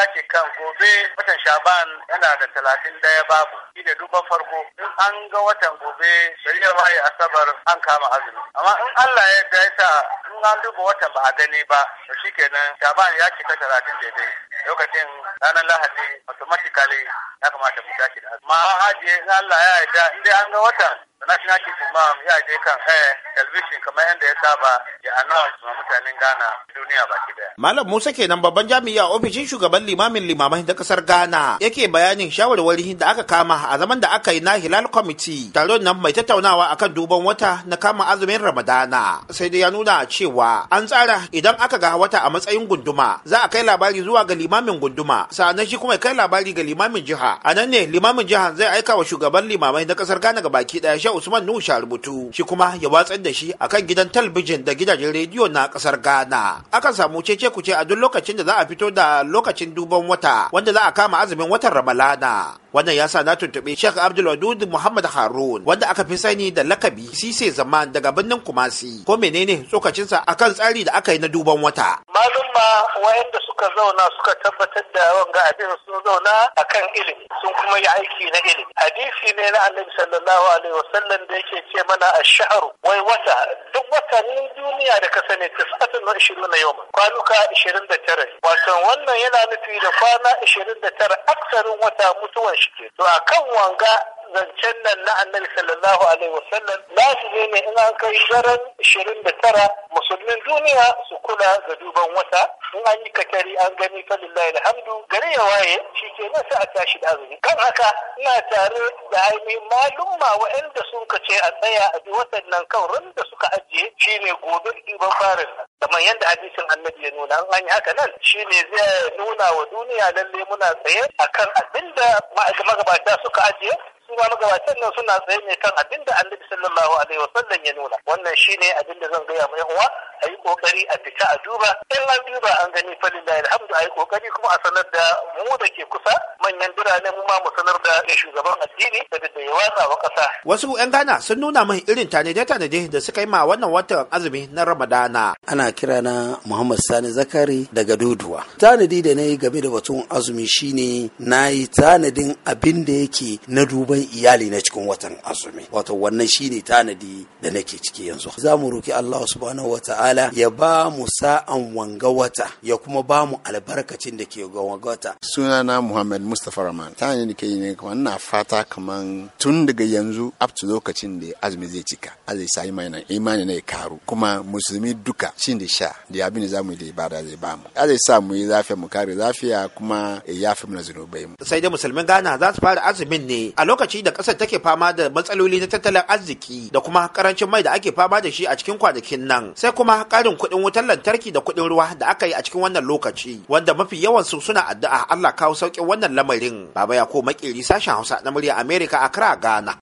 dace kan gobe watan shaban yana da talatin daya babu shi ne duban farko in an ga watan gobe gari ya waye asabar an kama azumi amma in Allah ya da ya sa in an duba watan ba a gani ba to kenan shaban ya cika talatin daidai lokacin ranar lahadi automatically ya kamata mu tashi da azumi amma ajiye in Allah ya yarda in dai an ga watan national chief imam ya je kan eh television kamar yadda ya saba ya announce ma mutanen Ghana duniya baki daya. Malam Musa kenan babban jami'a ofishin shugaban limamin limamai da kasar Ghana yake bayanin shawarwari da aka kama a zaman da aka yi na Hilal Committee taron nan mai tattaunawa akan duban wata na kama azumin Ramadana sai dai ya nuna cewa an tsara idan aka ga wata a matsayin gunduma za a kai labari zuwa ga limamin gunduma sa'annan shi kuma ya kai labari ga limamin jiha a nan ne limamin jiha zai aika wa shugaban limamai na kasar Ghana ga baki daya usman nusha rubutu shi kuma ya watsar da shi akan gidan talbijin da gidajen rediyo na kasar ghana akan samu cece kuce a duk lokacin da za a fito da lokacin duban wata wanda za a kama azumin watan ramalana wannan ya sa na tuntuɓi Sheikh Abdul Wadud Muhammad Harun wanda aka fi sani da lakabi Sise Zaman daga birnin Kumasi ko menene sa akan tsari da aka yi na duban wata malumma wayanda suka zauna suka tabbatar da wanga abin sun zauna akan ilimi sun kuma yi aiki na ilimi hadisi ne na Annabi sallallahu alaihi wasallam da yake ce mana ash shahr wai wata duk watannin duniya da ka sani tis'atun wa ishiruna yawma kwanuka 29 wato wannan yana nufi da kwana 29 aksarin wata mutuwan To a kan wanga zancen nan na annabi sallallahu alaihi wasallam lazimi ne in an kai daren ishirin da tara musulmin duniya su kula ga duban wata in an yi kakari an gani falillahi alhamdu gari ya waye shi ke nan sai a tashi da azumi kan haka ina tare da ainihin malumma waɗanda sun ce a tsaya a bi watan nan kan da suka ajiye shine gobe ɗiban farin nan kamar yadda hadisin annabi ya nuna an yi haka nan ne zai nuna wa duniya lalle muna tsaye akan abinda magabata suka ajiye su ma magabatan nan suna tsaye ne kan abin da annabi sallallahu alaihi wasallam ya nuna wannan shine abin da zan gaya mai uwa a yi kokari a fita a duba in an duba an gani da, alhamdu a yi kokari kuma a sanar da mu da ke kusa manyan birane mu ma mu sanar da shugaban addini da da ya watsa wa kasa wasu yan Ghana sun nuna min irin tanade-tanade da suka yi ma wannan watan azumi na Ramadana ana kira na Muhammad Sani Zakari daga Doduwa tanadi da na yi game da batun azumi shine na yi tanadin abin da yake na duba sauran iyali na cikin watan azumi wato wannan shine tanadi da nake ciki yanzu za mu roki Allah subhanahu wataala ya ba mu sa'an wanga wata ya kuma ba mu albarkacin da ke ga wanga wata sunana Muhammad Mustafa Rahman ta ne nake yi ne kamar ina fata kaman tun daga yanzu up to lokacin da azumi zai cika azai sa imani imani ne karu kuma musulmi duka shin da sha da abin da zamu yi da ibada zai ba mu azai sa mu yi lafiya mu kare zafiya kuma ya mu na zunubai mu sai dai musulmin gana za su fara azumin ne a lokacin lokaci da ƙasar take fama da matsaloli na tattalin arziki da kuma karancin mai da ake fama da shi a cikin kwanakin nan sai kuma ƙarin kuɗin wutar lantarki da kuɗin ruwa da aka yi a cikin wannan lokaci wanda mafi yawan su suna addu'a Allah kawo sauƙin wannan lamarin baba ya ko makiri sashen Hausa na murya America Accra Ghana